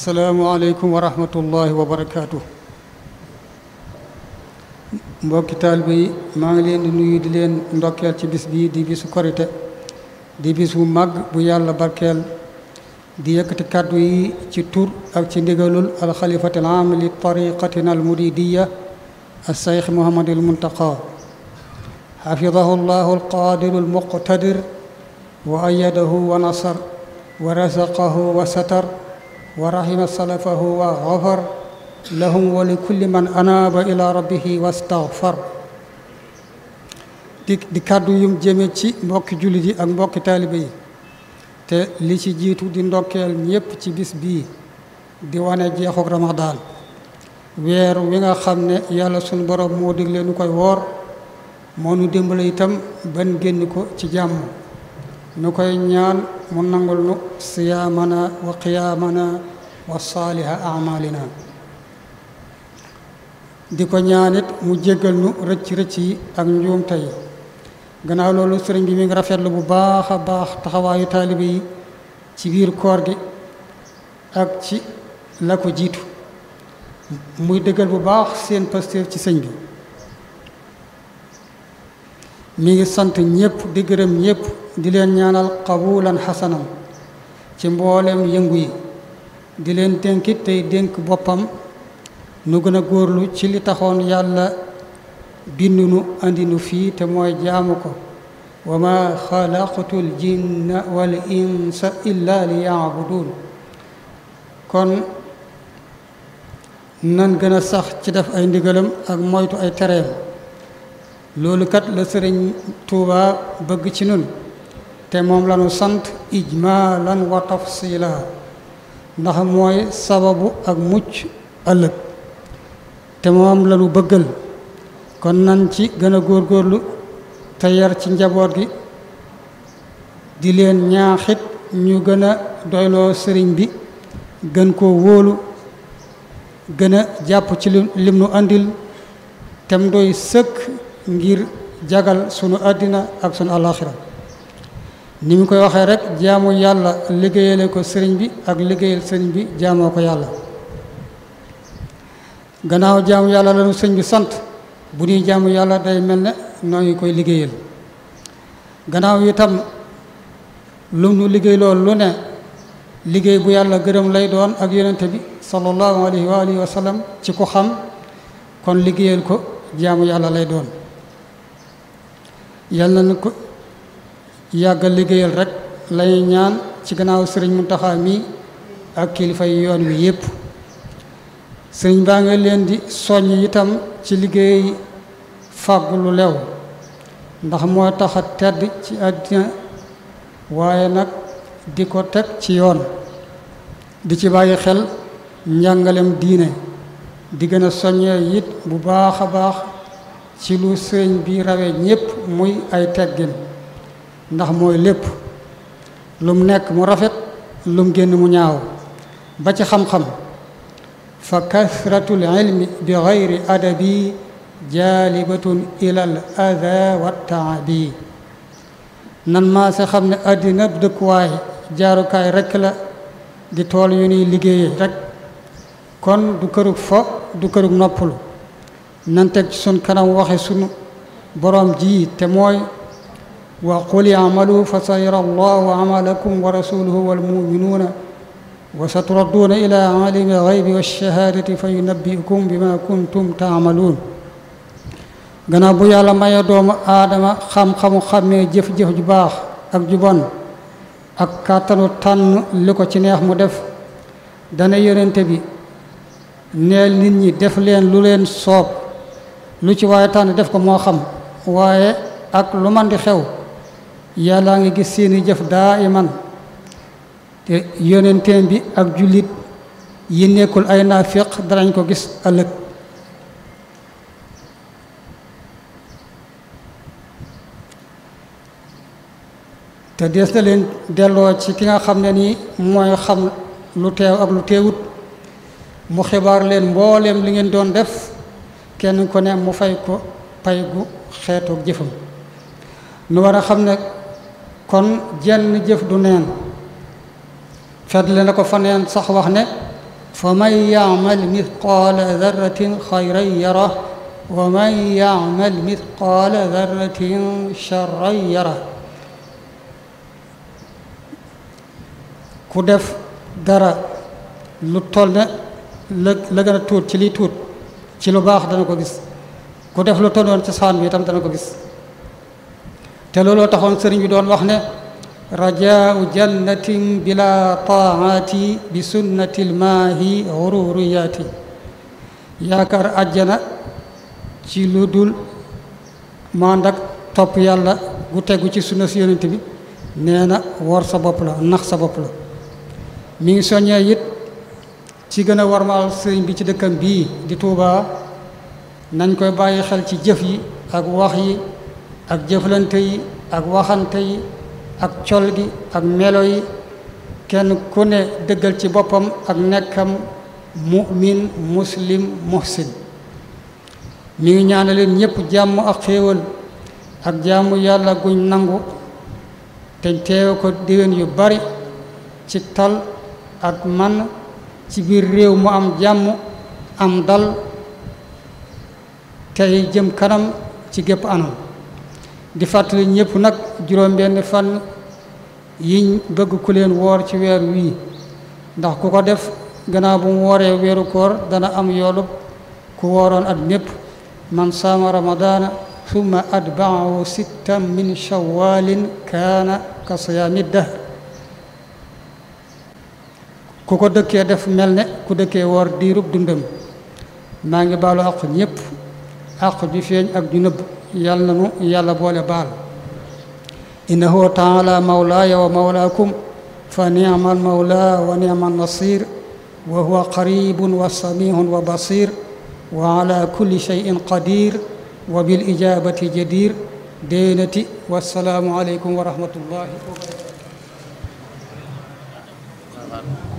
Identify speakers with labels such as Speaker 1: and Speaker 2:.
Speaker 1: assalaamu aleykum wa rahmatullahi wa barakaatu. mbokki taalibe yi maa ngi leen di nuyu di leen ndokkeel ci bis bii di bisu korite di bisu màgg bu yàlla barkeel di yëkkati kàddu yi ci tur ak ci ndigalul alxalifatil aam li tariqatina al muridiya alseyx muhammadil muntaqa xafidahu llahu alqadiru almuqtadir wa ayadahu wa nasar wa razaqahu wa satar ورحم سلفه وغفر لهم ولكل من أناب إلى ربه واستغفر di di kàddu yum jëme ci mbokki jullit yi ak mbokki taalibe yi te li ci jiitu di ndokkeel ñépp ci bis bii di wane jeexuk ramadaan weer wi nga xam ne yàlla sunu borom moo digle nu koy woor moo nu dimbale itam ban génn ko ci jàmm nu koy ñaan mu nangul nu siyaamana wa qiyaamana wa saaliha amalina di ko ñaanit mu jéggal nu rëcc-rëcc yi ak njuumte yi gannaaw loolu sëriñ bi mi ngi rafetlu bu baax a baax taxawaayu taalibe yi ci biir koor gi ak ci la ko jiitu muy dëggal bu baax seen pasteur ci sëñ bi mu ngi sant ñëpp di gërëm ñépp di leen ñaanal qabulan xasanan ci mboolem yëngu yi di leen dénkit tey dénk boppam nu gën a góorlu ci li taxoon yàlla bindu nu andi nu fii te mooy jaamu ko wa ma xalaqtul jinna wal insa illa li yaabudun kon nan gën a sax ci def ay ndigalam ak moytu ay tereem loolu kat la sëriñ Tuuba bëgg ci nun te mom lañu sant ijmalan wa tafsila ndax moy sababu ak mucc ëlëk te mom lañu bëggal kon nan ci gëna gor gorlu te yar ci njaboot gi di leen ñaaxit ñu gëna doylo sëriñ bi gën ko wolu gëna japp ci lim andil tem doy sëkk ngir jagal sunu adina ak sunu alakhirah ni mu koy waxee rek jaamu yàlla liggéeyale ko sëriñ bi ak liggéeyal sëriñ bi jaamoo ko yàlla gannaaw jaamu yàlla lanu sëriñ bi sant bu ñuy jaamu yàlla day mel ne noo ngi koy liggéeyal gannaaw itam lu nu liggéey loolu lu ne liggéey bu yàlla gërëm lay doon ak yonente bi sallallahu alayhi wa alihi wa sallam ci ko xam kon liggéeyal ko jaamu yàlla lay doon yàlla na ko yàgga liggéeyal rekk lañuy ñaan ci gannaaw sëriñ Muntaxa mi ak kilifa yi yoon wi yépp sëriñ baa ngi leen di soññ itam ci liggéey fàggu lu lew ndax moo tax a tedd ci àddina waaye nag di ko teg ci yoon di ci bàyyi xel njàngalem diine di gën a yi it bu baax a baax ci lu sëriñ bi rawe ñépp muy ay teggin ndax mooy lépp lum nekk mu rafet lum génn mu ñaaw ba ci xam-xam fa kasratul ilmi bi gayri adabi jalibatun ila al ada wa taabi nan maa sa xam ne àddina dëkkuwaay jaarukaay rek la di tool yu nuy liggéeyee rek kon du kërug fo du kërug noppalu nan teg ci sun kanam waxe sunu borom ji te mooy وقل اعملوا فسيرى الله عملكم ورسوله والمؤمنون وستردون الى عالم الغيب والشهاده فينبئكم بما كنتم تعملون غنا بو يالا ما يدوم ادم خم خم خم جيف جيف جو باخ اك جو بون اك كاتانو تان ليكو سي نيه مو ديف دا نا يورنتي بي نيل نيت ني ديف لين لولين صوب لو سي واي تان ديف كو مو خم واي اك لو مان دي خيو yàllaa ngi gis seeni jëf daa iman te yonenteem bi ak jullit yi nekkul ay naafiq danañ ko gis ëllëg te des na leen delloo ci ki nga xam ne nii mooy xam lu teew ak lu teewut mu xibaar leen mbooleem li ngeen doon def kenn ku ne mu fay ko pay gu xeetu jëfam nu war a xam ne kon jenn jëf du neen fedle na ko fa neen sax wax ne fa man yaamal mithqaala darratin xayran yara wa man yaamal mithqaala darratin charran yara ku def dara lu toll ne la la gën a tuut ci liy tuut ci lu baax dana ko gis ku def lu tolloon ci saan bi itam dana ko gis te looloo taxoon sëriñ bi doon wax ne rajaau jannatin bila taati bi sunnati lmaahi xururiyaati yaakaar àjjana ci lu dul mànd ak topp yàlla gu tegu ci sunna si yonent bi nee na wor sa bopp la nax sa bopp la mu ngi soññee it ci gën a warmaal sëriñ bi ci dëkkam bii di Tuubaa nañ koy bàyyi xel ci jëf yi ak wax yi ak jëflante yi ak waxante yi ak col gi ak melo yi kenn ku ne dëggal ci boppam ak nekkam mu'min muslim muhsin mi ngi ñaanaleen ñépp jàmm ak xéewal ak jàmm yàlla guñ nangu te teewe ko déwén yu bari ci tal ak man ci biir réew mu am jàmm am dal tey jëm kanam ci gépp anam di fàttali ñépp nag juróom-benn fan yiñ bëgg ku leen woor ci weer wii ndax ku ko def gannaaw bu mu wooree weeru koor dana am yoolub ku wooroon at ñëpp man saama ramadaana summa atbaahu sittan min shawalin kaana ka siyaami dahr ku ko dëkkee def mel ne ku dëkkee woor diirub dundam maa ngi baalu àq ñëpp àq ju feeñ ak ju nëbb يلنو يلا بول بال إنه تعالى مولاي ومولاكم فنعم المولى ونعم النصير وهو قريب وسميع وبصير وعلى كل شيء قدير وبالإجابة جدير دينتي والسلام عليكم ورحمة الله وبركاته